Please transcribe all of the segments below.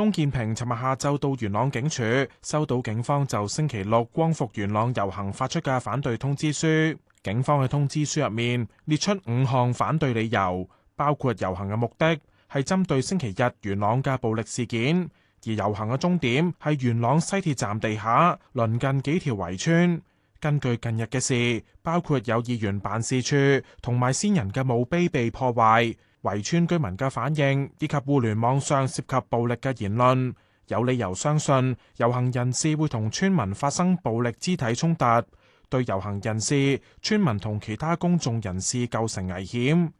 鍾健平尋日下晝到元朗警署，收到警方就星期六光復元朗遊行發出嘅反對通知書。警方喺通知書入面列出五項反對理由，包括遊行嘅目的係針對星期日元朗嘅暴力事件，而遊行嘅終點係元朗西鐵站地下鄰近幾條圍村。根據近日嘅事，包括有議員辦事處同埋先人嘅墓碑被破壞。圍村居民嘅反應，以及互聯網上涉及暴力嘅言論，有理由相信遊行人士會同村民發生暴力肢體衝突，對遊行人士、村民同其他公眾人士構成危險。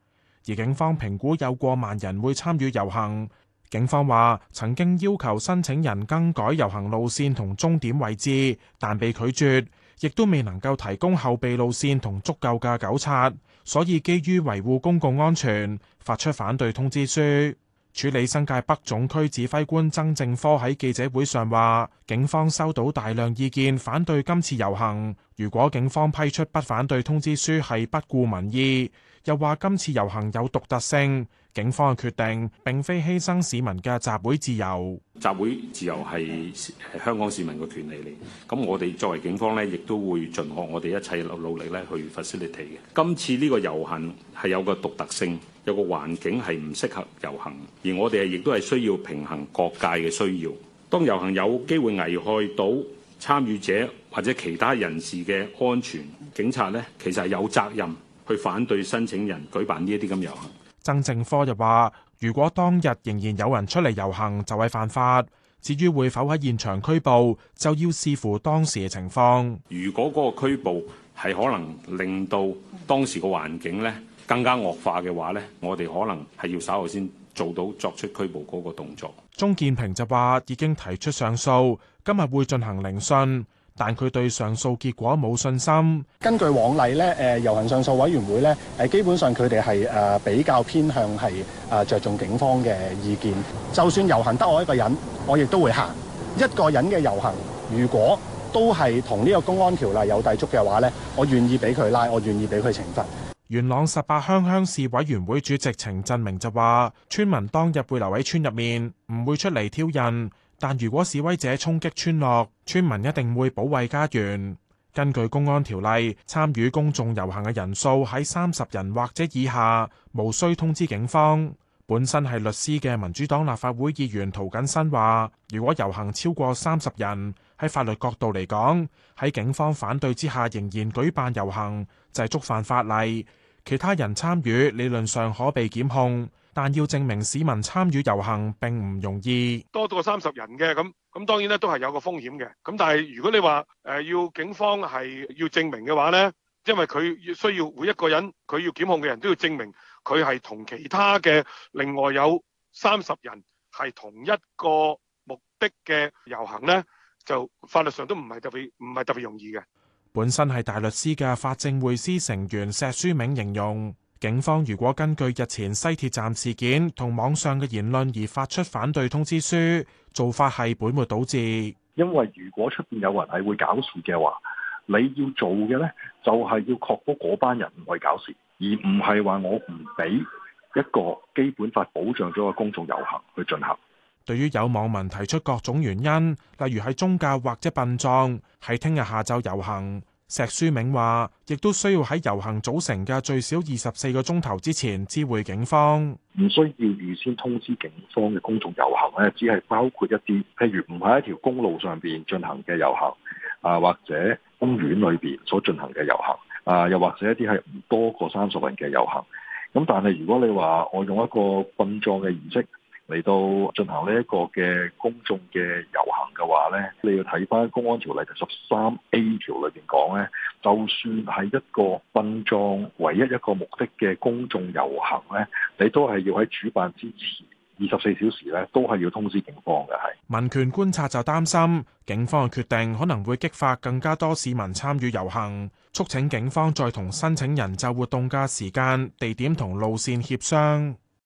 而警方評估有過萬人會參與遊行，警方話曾經要求申請人更改遊行路線同終點位置，但被拒絕，亦都未能夠提供後備路線同足夠嘅糾察。所以，基於維護公共安全，發出反對通知書。處理新界北總區指揮官曾正科喺記者會上話，警方收到大量意見反對今次遊行，如果警方批出不反對通知書，係不顧民意。又話今次遊行有獨特性，警方嘅決定並非犧牲市民嘅集會自由。集會自由係香港市民嘅權利嚟，咁我哋作為警方呢，亦都會盡學我我哋一切努力咧去 facilitate 嘅。今次呢個遊行係有個獨特性，有個環境係唔適合遊行，而我哋亦都係需要平衡各界嘅需要。當遊行有機會危害到參與者或者其他人士嘅安全，警察呢其實係有責任去反對申請人舉辦呢一啲咁樣嘅遊行。曾正科就話，如果當日仍然有人出嚟遊行，就係犯法。至於會否喺現場拘捕，就要視乎當時嘅情況。如果嗰個拘捕係可能令到當時個環境咧更加惡化嘅話咧，我哋可能係要稍後先做到作出拘捕嗰個動作。鍾健平就話已經提出上訴，今日會進行聆訊。但佢對上訴結果冇信心。根據往例咧，誒、呃、遊行上訴委員會咧，誒、呃、基本上佢哋係誒比較偏向係誒、呃、着重警方嘅意見。就算遊行得我一個人，我亦都會行一個人嘅遊行。如果都係同呢個公安條例有抵觸嘅話咧，我願意俾佢拉，我願意俾佢懲罰。元朗十八鄉鄉事委員會主席程振明就話：村民當日會留喺村入面，唔會出嚟挑釁。但如果示威者衝擊村落，村民一定會保衞家園。根據公安條例，參與公眾遊行嘅人數喺三十人或者以下，無需通知警方。本身係律師嘅民主黨立法會議員涂謹申話，如果遊行超過三十人，喺法律角度嚟講，喺警方反對之下仍然舉辦遊行，就係觸犯法例。其他人參與理論上可被檢控，但要證明市民參與遊行並唔容易。多到三十人嘅咁，咁當然咧都係有個風險嘅。咁但係如果你話誒要警方係要證明嘅話呢，因為佢要需要每一個人，佢要檢控嘅人都要證明佢係同其他嘅另外有三十人係同一個目的嘅遊行呢，就法律上都唔係特別唔係特別容易嘅。本身係大律師嘅法政匯思成員石書銘形容，警方如果根據日前西鐵站事件同網上嘅言論而發出反對通知書，做法係本末倒置。因為如果出邊有人係會搞事嘅話，你要做嘅咧就係要確保嗰班人唔會搞事，而唔係話我唔俾一個基本法保障咗個公眾遊行去進行。對於有網民提出各種原因，例如喺宗教或者殯葬，喺聽日下晝遊行，石書銘話，亦都需要喺遊行組成嘅最少二十四個鐘頭之前知會警方，唔需要預先通知警方嘅公眾遊行咧，只係包括一啲，譬如唔喺一條公路上邊進行嘅遊行，啊或者公園裏邊所進行嘅遊行，啊又或者一啲係唔多過三十人嘅遊行，咁但係如果你話我用一個殯葬嘅儀式，嚟到進行呢一個嘅公眾嘅遊行嘅話呢，你要睇翻公安條例嘅十三 A 條，裏邊講呢，就算係一個殯葬唯一一個目的嘅公眾遊行呢，你都係要喺主辦之前二十四小時呢，都係要通知警方嘅。係民權觀察就擔心警方嘅決定可能會激發更加多市民參與遊行，促請警方再同申請人就活動嘅時間、地點同路線協商。